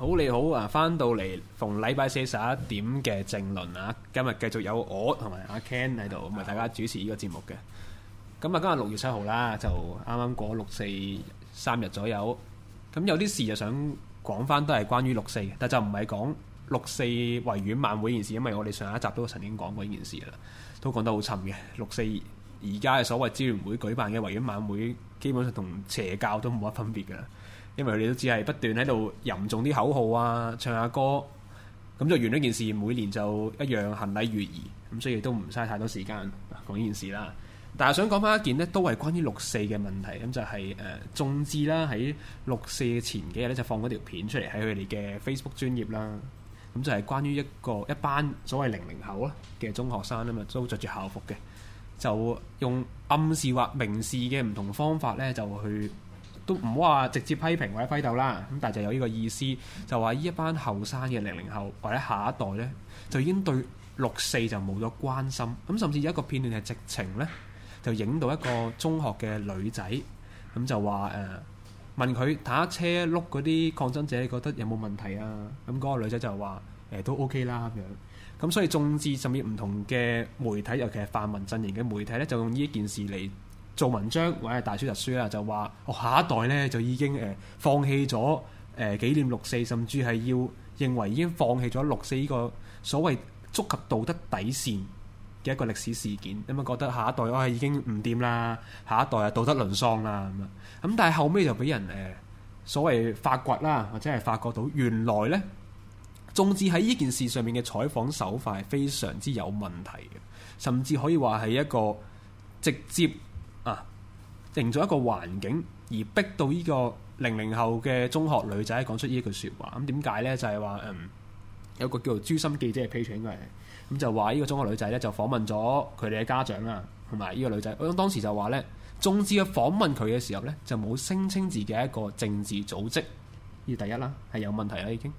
好你好啊！翻到嚟逢禮拜四十一點嘅政論啊，今日繼續有我同埋阿 Ken 喺度，咁咪好大家主持呢個節目嘅。咁啊，今日六月七號啦，就啱啱過六四三日左右。咁有啲事就想講翻，都係關於六四，但就唔係講六四維園晚會件事，因為我哋上一集都曾經講過呢件事啦，都講得好沉嘅。六四而家嘅所謂支援會舉辦嘅維園晚會，基本上同邪教都冇乜分別㗎啦。因為佢哋都只係不斷喺度吟誦啲口號啊，唱下歌，咁就完咗件事。每年就一樣行禮如儀，咁所以都唔嘥太多時間講呢件事啦。但係想講返一件呢，都係關於六四嘅問題。咁就係、是、誒，眾志啦喺六四嘅前幾日咧，就放一條片出嚟喺佢哋嘅 Facebook 專頁啦。咁就係關於一個一班所謂零零後啊嘅中學生啊嘛，都着住校服嘅，就用暗示或明示嘅唔同方法咧，就去。都唔好話直接批評或者批鬥啦，咁但係就有呢個意思，就話呢一班後生嘅零零後或者下一代呢，就已經對六四就冇咗關心。咁甚至有一個片段係直情呢，就影到一個中學嘅女仔，咁就話誒、呃、問佢打車碌嗰啲抗爭者，你覺得有冇問題啊？咁、那、嗰個女仔就話誒、呃、都 OK 啦咁樣。咁所以眾志甚至唔同嘅媒體，尤其係泛民陣營嘅媒體呢，就用呢件事嚟。做文章或者大書特書啦，就話哦，下一代呢，就已經誒、呃、放棄咗誒、呃、紀念六四，甚至係要認為已經放棄咗六四呢個所謂觸及道德底線嘅一個歷史事件，咁、嗯、啊覺得下一代我係、哎、已經唔掂啦，下一代啊道德淪喪啦咁啊，咁、嗯、但係後尾就俾人誒、呃、所謂發掘啦，或者係發覺到原來呢，眾志喺呢件事上面嘅採訪手法係非常之有問題嘅，甚至可以話係一個直接。營造一個環境而逼到呢個零零後嘅中學女仔講出呢一句説話，咁點解呢？就係、是、話，嗯，有個叫做專心記者嘅 page 應該係，咁、嗯、就話呢個中學女仔呢，就訪問咗佢哋嘅家長啦，同埋呢個女仔，我、嗯、當時就話呢，眾志，佢訪問佢嘅時候呢，就冇聲稱自己一個政治組織，呢第一啦係有問題啦已經，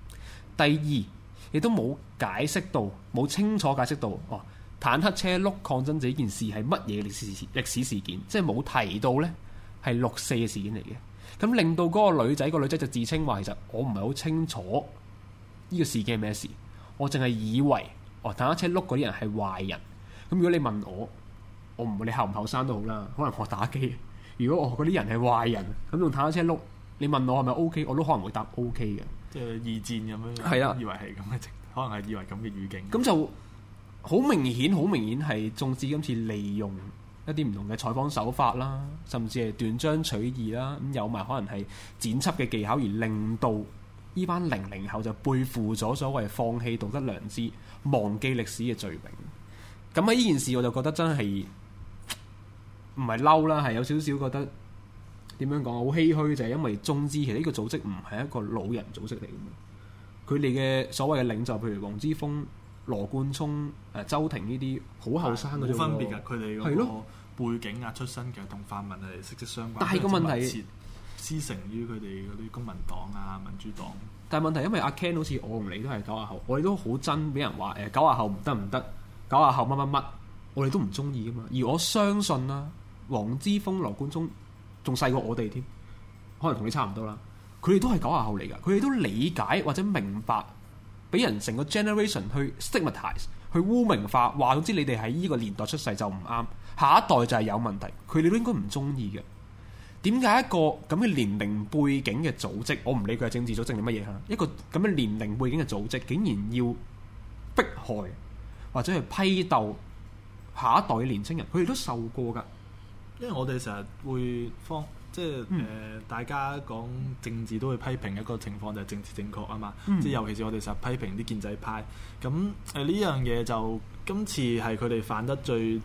第二亦都冇解釋到，冇清楚解釋到哦。坦克車轆抗爭者件事係乜嘢歷史歷史事件？即係冇提到呢，係六四嘅事件嚟嘅。咁令到嗰個女仔，個女仔就自稱話：其實我唔係好清楚呢個事件係咩事。我淨係以為哦，坦克車轆嗰啲人係壞人。咁如果你問我，我唔會你後唔後生都好啦，可能我打機。如果我嗰啲人係壞人，咁用坦克車轆，你問我係咪 OK，我都可能會答 OK 嘅。即係二戰咁樣，係啊，以為係咁嘅情，的可能係以為咁嘅語境。咁就。好明顯，好明顯係眾志今次利用一啲唔同嘅採訪手法啦，甚至係斷章取義啦，咁有埋可能係剪輯嘅技巧，而令到呢班零零後就背負咗所謂放棄道德良知、忘記歷史嘅罪名。咁喺呢件事，我就覺得真係唔係嬲啦，係有少少覺得點樣講，好唏噓就係、是、因為眾志其實呢個組織唔係一個老人組織嚟嘅，佢哋嘅所謂嘅領袖，譬如黃之鋒。羅冠聰、誒周庭呢啲好後生啲冇分別㗎，佢哋嗰個背景啊、出身嘅同泛民係息息相關，但係個問題，師承於佢哋嗰啲公民黨啊、民主黨。但係問題，因為阿 Ken 好似我同你都係九十後，我哋都好憎俾人話誒九十後唔得唔得，九十後乜乜乜，我哋都唔中意㗎嘛。而我相信啦、啊，黃之鋒、羅冠聰仲細過我哋添，可能同你差唔多啦。佢哋都係九十後嚟㗎，佢哋都理解或者明白。俾人成個 generation 去 stigmatize，去污名化，話總之你哋喺呢個年代出世就唔啱，下一代就係有問題，佢哋都應該唔中意嘅。點解一個咁嘅年齡背景嘅組織，我唔理佢係政治組織定乜嘢吓，一個咁嘅年齡背景嘅組織，竟然要迫害或者係批鬥下一代嘅年青人，佢哋都受過㗎，因為我哋成日會慌。即係誒，呃嗯、大家講政治都會批評一個情況，就係政治正確啊嘛。嗯、即係尤其是我哋實批評啲建制派。咁誒呢樣嘢就今次係佢哋犯得最。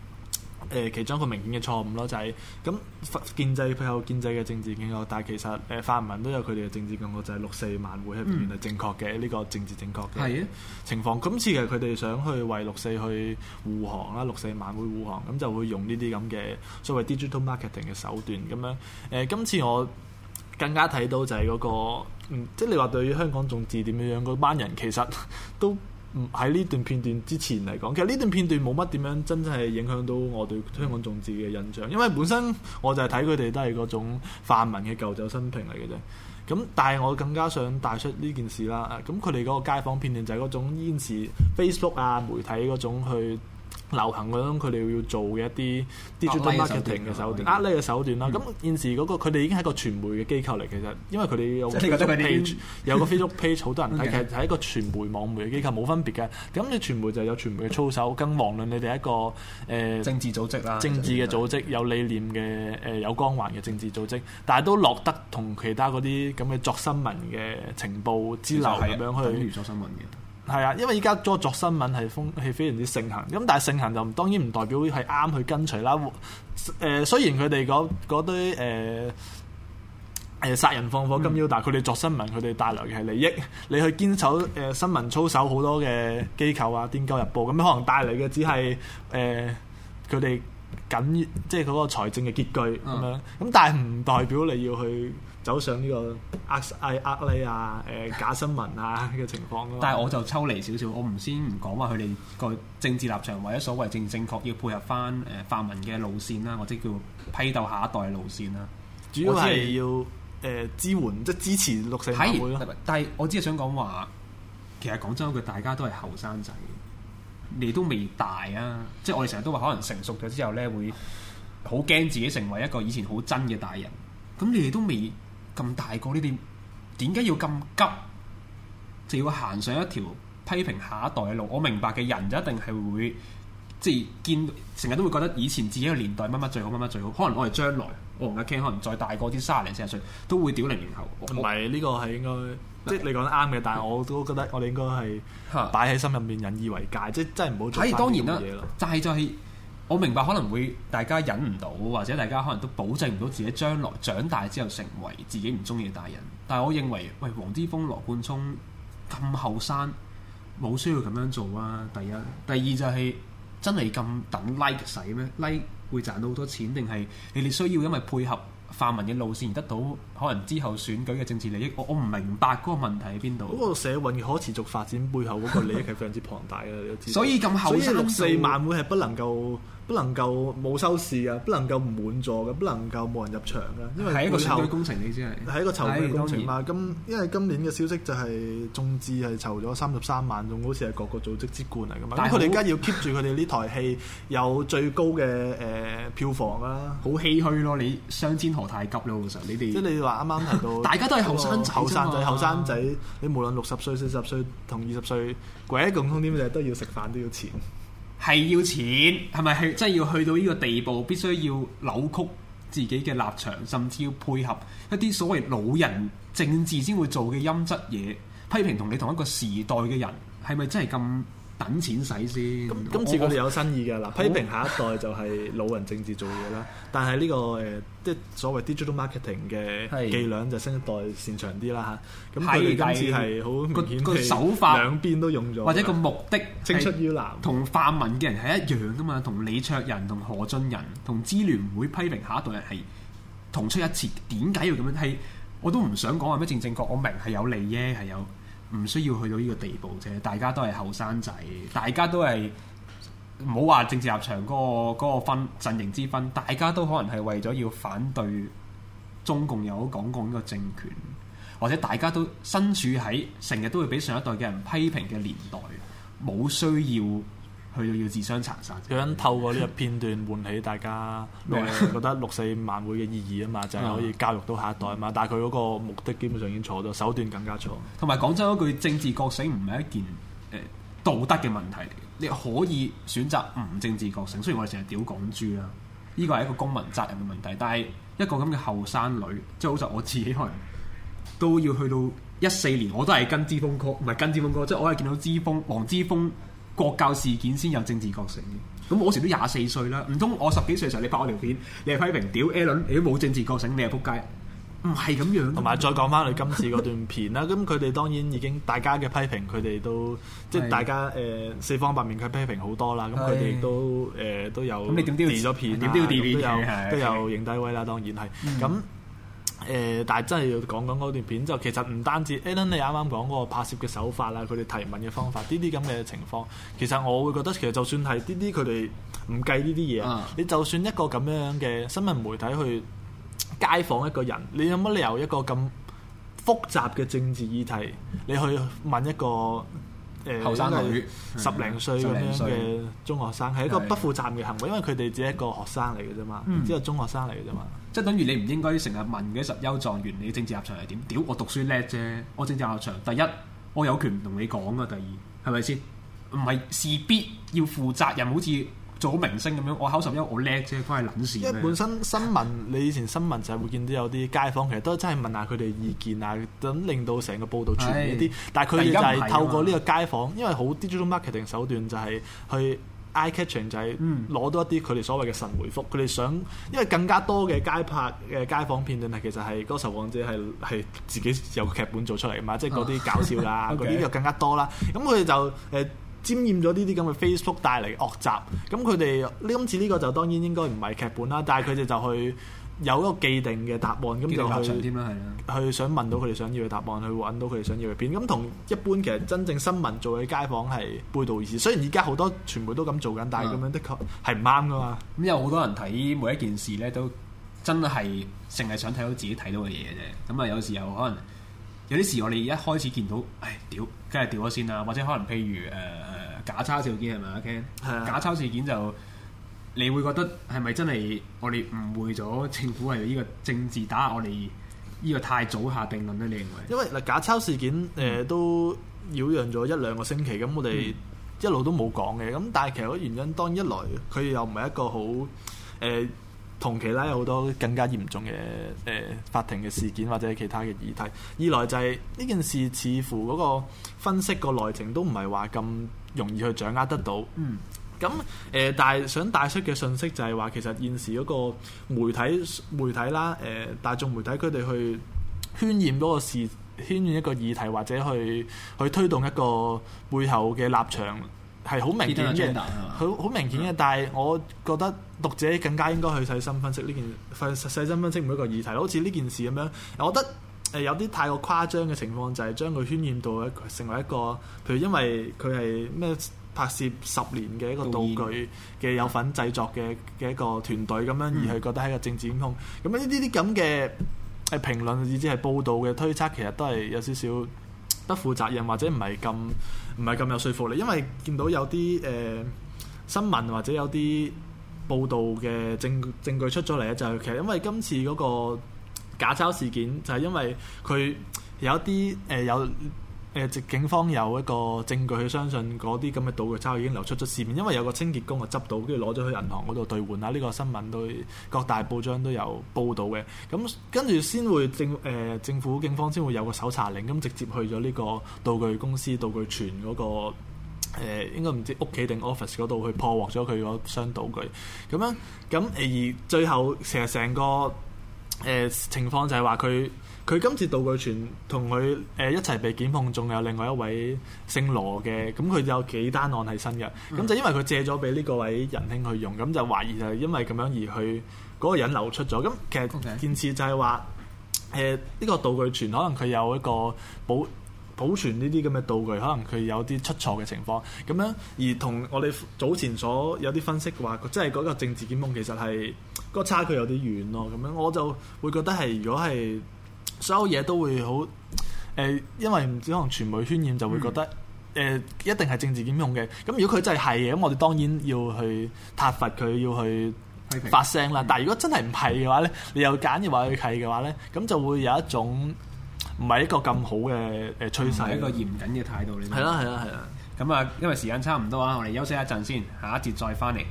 誒，其中一個明顯嘅錯誤咯、就是，就係咁建制配合建制嘅政治正確，但係其實誒泛民都有佢哋嘅政治正確，就係、是、六四晚會係原來正確嘅呢、嗯、個政治正確嘅情況。嗯、今次其實佢哋想去為六四去護航啦，六四晚會護航，咁就會用呢啲咁嘅所謂 digital marketing 嘅手段咁樣。誒、呃，今次我更加睇到就係嗰、那個，嗯、即係你話對於香港政治點樣樣，嗰班人其實都。喺呢段片段之前嚟講，其實呢段片段冇乜點樣真係影響到我對香港眾志嘅印象，因為本身我就係睇佢哋都係嗰種泛民嘅舊酒新瓶嚟嘅啫。咁但係我更加想帶出呢件事啦。咁佢哋嗰個街訪片段就係嗰種淹視 Facebook 啊媒體嗰種去。流行嗰種，佢哋要做嘅一啲 digital marketing 嘅手段，呃咧嘅手段啦。咁現時嗰、那個佢哋已經係一個傳媒嘅機構嚟，其實因為佢哋有 Facebook page, 有個 Facebook page 好多人睇， Okay. 其實係一個傳媒、網媒嘅機構冇分別嘅。咁你傳媒就有傳媒嘅操守， 更遑論你哋一個誒、呃、政治組織啦，政治嘅組織、嗯、有理念嘅誒、呃、有光環嘅政治組織，但係都落得同其他嗰啲咁嘅作新聞嘅情報之流咁樣去。作新聞嘅。係啊，因為依家做作新聞係風氣非常之盛行，咁但係盛行就當然唔代表係啱去跟隨啦。誒、呃，雖然佢哋嗰堆誒誒殺人放火金腰帶，但係佢哋作新聞，佢哋帶來嘅係利益。你去堅守誒、呃、新聞操守好多嘅機構啊，《癲狗日報》咁，可能帶來嘅只係誒佢哋緊即係嗰個財政嘅拮據咁、嗯、樣。咁但係唔代表你要去走上呢、呢個呃誒呃你啊誒、啊啊、假新聞啊呢個情況，但係我就抽離少少，我唔先唔講話佢哋個政治立場或者所謂正正確，要配合翻誒泛民嘅路線啦，或者叫批鬥下一代路線啦。主要係要誒、呃、支援即係支持六四反對。但係我只係想講話，其實講真，佢大家都係後生仔，你哋都未大啊！即係我哋成日都話，可能成熟咗之後咧，會好驚自己成為一個以前好真嘅大人。咁你哋都未。咁大個，呢啲點解要咁急就要行上一條批評下一代嘅路？我明白嘅人就一定係會即係見成日都會覺得以前自己嘅年代乜乜最好，乜乜最好。可能我哋將來我同佢傾，可能再大個啲，三十四十歲都會屌零零後。唔係，呢個係應該，的即係你講得啱嘅。但係我都覺得我哋應該係擺喺心入面引以為戒， 即係真係唔好做。當然啦，但係就係。我明白可能會大家忍唔到，或者大家可能都保證唔到自己將來長大之後成為自己唔中意嘅大人。但係我認為，喂，黃之鋒、羅冠聰咁後生，冇需要咁樣做啊！第一，第二就係、是、真係咁等 like 使咩？like 會賺到好多錢定係你哋需要因為配合泛民嘅路線而得到？可能之後選舉嘅政治利益，我我唔明白嗰個問題喺邊度？嗰個社運可持續發展背後嗰個利益係非常之龐大嘅， 你都知。所以咁後生六四晚會係不，不，不能夠不能夠冇收視嘅，不能夠唔滿座嘅，不能夠冇人入場嘅。係一個籌工程，你先係係一個籌工程啊！咁是因為今年嘅消息就係眾志係籌咗三十三萬，仲好似係各個組織之冠嚟㗎嘛。咁佢哋而家要 keep 住佢哋呢台戲有最高嘅誒、呃、票房啊！好唏噓咯，你相煎何太急咯？其實你哋啱啱提到， 大家都係後生仔，後生仔，後生仔。你無論六十歲、四十歲同二十歲，唯一共通點就係都要食飯，都要錢。係 要錢，係咪係真係要去到呢個地步，必須要扭曲自己嘅立場，甚至要配合一啲所謂老人政治先會做嘅陰質嘢，批評同你同一個時代嘅人，係咪真係咁？等錢使先。啊、今次佢哋有新意㗎嗱，批評下一代就係老人政治做嘢啦。 但係呢、呢個誒，即、呃、係所謂 digital marketing 嘅伎倆就新一代擅長啲啦嚇。咁佢哋今次係好明顯個手法兩邊都用咗，或者個目的青出於藍，同泛民嘅人係一樣㗎嘛，同李卓人、同何俊仁、同支聯會批評下一代人係同出一辭。點解要咁樣？係我都唔想講話咩正正確，我明係有利啫，係有，有。唔需要去到呢個地步啫，大家都係後生仔，大家都係唔好話政治立場嗰、嗰個嗰個分陣營之分，大家都可能係為咗要反對中共又好港共呢個政權，或者大家都身處喺成日都會俾上一代嘅人批評嘅年代，冇需要。佢又要自相殘殺，想透過呢個片段喚起大家、 呃、覺得六四晚會嘅意義啊嘛，就係、是、可以教育到下一代啊嘛。嗯、但係佢嗰個目的基本上已經錯咗，手段更加錯。同埋講真嗰句，政治覺醒唔係一件誒、呃、道德嘅問題，你可以選擇唔政治覺醒。雖然我哋成日屌港豬啦，呢個係一個公民責任嘅問題。但係一個咁嘅後生女，即係好似我自己可能都要去到一四年，我都係跟之鋒哥，唔係跟之鋒哥，即係我係見到之鋒，黃之鋒。國教事件先有政治覺醒，嘅，咁我嗰時都廿四歲啦，唔通我十幾歲嘅時候你拍我條片，你係批評，屌 Allen 你都冇政治覺醒？你係撲街，唔係咁樣。同埋再講翻你今次嗰段片啦，咁佢哋當然已經大家嘅批評，佢哋都即係的大家誒、呃、四方八面佢批評好多啦，咁佢哋都誒都有咁你點丟掉片？點丟掉片都有都有認低威啦，當然係咁。嗯嗯誒、呃，但係真係要講講嗰段片，就其實唔單止 Allen 你啱啱講嗰個拍攝嘅手法啦，佢哋提問嘅方法，呢啲咁嘅情況，其實我會覺得其實就算係呢啲佢哋唔計呢啲嘢，嗯、你就算一個咁樣樣嘅新聞媒體去街訪一個人，你有乜理由一個咁複雜嘅政治議題，你去問一個誒後生女十零歲咁樣嘅中學生，係一個不負責任嘅行為，因為佢哋只係一個學生嚟嘅啫嘛，嗯、只係中學生嚟嘅啫嘛。嗯、即係等於你唔應該成日問嘅十優狀元，你政治立場係點？屌，我讀書叻啫，我政治立場，第一我有權唔同你講啊，第二係咪先？唔係事必要負責任，好似，做好明星咁樣，我考十一我叻啫，關佢撚事咩？因為本身新聞，你以前新聞就係會見到有啲街坊，其實都真係問下佢哋意見啊，咁令到成個報道全面啲。唉但係佢而家係透過呢個街坊，因為好 digital marketing 手段就係去 eye catching，就係攞到一啲佢哋所謂嘅神回覆。佢哋、嗯、想，因為更加多嘅街拍嘅、呃、街坊片段，其實係《歌手王》王者係係自己有個劇本做出嚟嘛，即係嗰啲搞笑啦、啊，嗰啲就更加多啦。咁佢哋就誒。呃沾染咗呢啲咁嘅 Facebook 帶嚟惡習，咁佢哋呢？今次呢個就當然應該唔係劇本啦，但係佢哋就去有一個既定嘅答案，咁就去、啊、去想問到佢哋想要嘅答案，去揾到佢哋想要嘅片。咁同一般其實真正新聞做嘅街訪係背道而馳。雖然而家好多傳媒都咁做緊，但係咁樣的確係唔啱噶嘛。咁、嗯嗯、有好多人睇每一件事呢，都真係淨係想睇到自己睇到嘅嘢嘅啫。咁啊，有時候可能有啲時我哋一開始見到，唉屌，梗係掉咗先啦。或者可能譬如誒。呃假鈔事件係咪啊 Ken？係啊，假鈔事件就你會覺得係咪真係我哋誤會咗政府係呢個政治打壓，我哋呢個太早下定論呢？你認為？因為嗱假鈔事件誒、呃、都擾攘咗一兩個星期，咁我哋一路都冇講嘅，咁、嗯、但係其實個原因，當一來佢又唔係一個好誒。呃同期咧有好多更加嚴重嘅誒、呃、法庭嘅事件或者其他嘅議題。二來就係、是、呢件事似乎嗰個分析個內情都唔係話咁容易去掌握得到。嗯。咁誒、嗯，但係、呃、想帶出嘅信息就係話，其實現時嗰個媒體媒體啦，誒、呃、大眾媒體佢哋去渲染嗰個事，渲染一個議題或者去去推動一個背後嘅立場。係好明顯嘅，好好明顯嘅。但係我覺得讀者更加應該去細心分析呢件事，細細心分析每一個議題。好似呢件事咁樣，我覺得有啲太過誇張嘅情況，就係將佢渲染到成為一個，譬如因為佢係咩拍攝十年嘅一個道具嘅有份製作嘅嘅一個團隊咁樣，演而係覺得係一個政治陰空。咁呢呢啲咁嘅誒評論以至係報道嘅推測，其實都係有少少。不負責任或者唔係咁唔係咁有說服力，因為見到有啲誒、呃、新聞或者有啲報道嘅證證據出咗嚟咧，就其、是、實因為今次嗰個假抄事件就係、是、因為佢有啲誒、呃、有。誒、呃，警方有一個證據去相信嗰啲咁嘅道具鈔已經流出咗市面，因為有個清潔工啊執到，跟住攞咗去銀行嗰度兌換啦。呢、這個新聞都各大報章都有報道嘅。咁、嗯、跟住先會政誒、呃、政府警方先會有個搜查令，咁、嗯、直接去咗呢個道具公司道具存嗰、那個誒、呃，應該唔知屋企定 office 嗰度去破獲咗佢嗰箱道具。咁樣咁而最後成日成個誒、呃、情況就係話佢。佢今次道具傳同佢誒一齊被檢控，仲有另外一位姓羅嘅，咁佢有幾單案係身嘅。咁、嗯、就因為佢借咗俾呢個位仁兄去用，咁就懷疑就係因為咁樣而去嗰個人流出咗。咁其實件事就係話誒呢個道具傳可能佢有一個保保存呢啲咁嘅道具，可能佢有啲出錯嘅情況。咁樣而同我哋早前所有啲分析話，即係嗰個政治檢控其實係、嗰個差距有啲遠咯。咁樣我就會覺得係如果係。所有嘢都會好誒、呃，因為唔知可能傳媒渲染就會覺得誒、嗯呃、一定係政治檢控嘅。咁如果佢真係係嘅，咁我哋當然要去踏伐佢，要去發聲啦。但係如果真係唔係嘅話咧，嗯、你又揀又話係嘅話咧，咁、嗯、就會有一種唔係一個咁好嘅誒趨勢，呃、一個嚴謹嘅態度你。係啦，係啦，係啦。咁啊，因為、啊啊啊啊、時間差唔多啊，我哋休息一陣先，下一節再翻嚟。